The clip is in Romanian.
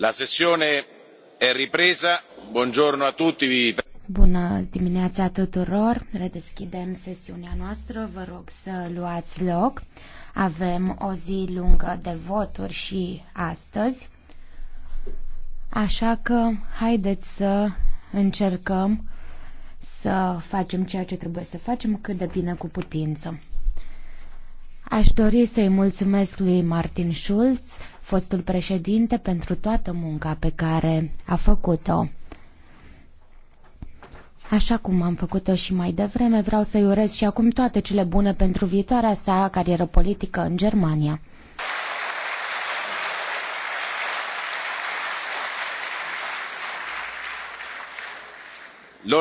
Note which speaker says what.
Speaker 1: la sessione è ripresa buongiorno a tutti
Speaker 2: Bună dimineața tuturor! Redeschidem sesiunea noastră. Vă rog să luați loc. Avem o zi lungă de voturi și astăzi. Așa că haideți să încercăm să facem ceea ce trebuie să facem cât de bine cu putință. Aș dori să-i mulțumesc lui Martin Schulz fostul președinte pentru toată munca pe care a făcut-o. Așa cum am făcut-o și mai devreme, vreau să-i urez și acum toate cele bune pentru viitoarea sa carieră politică în Germania.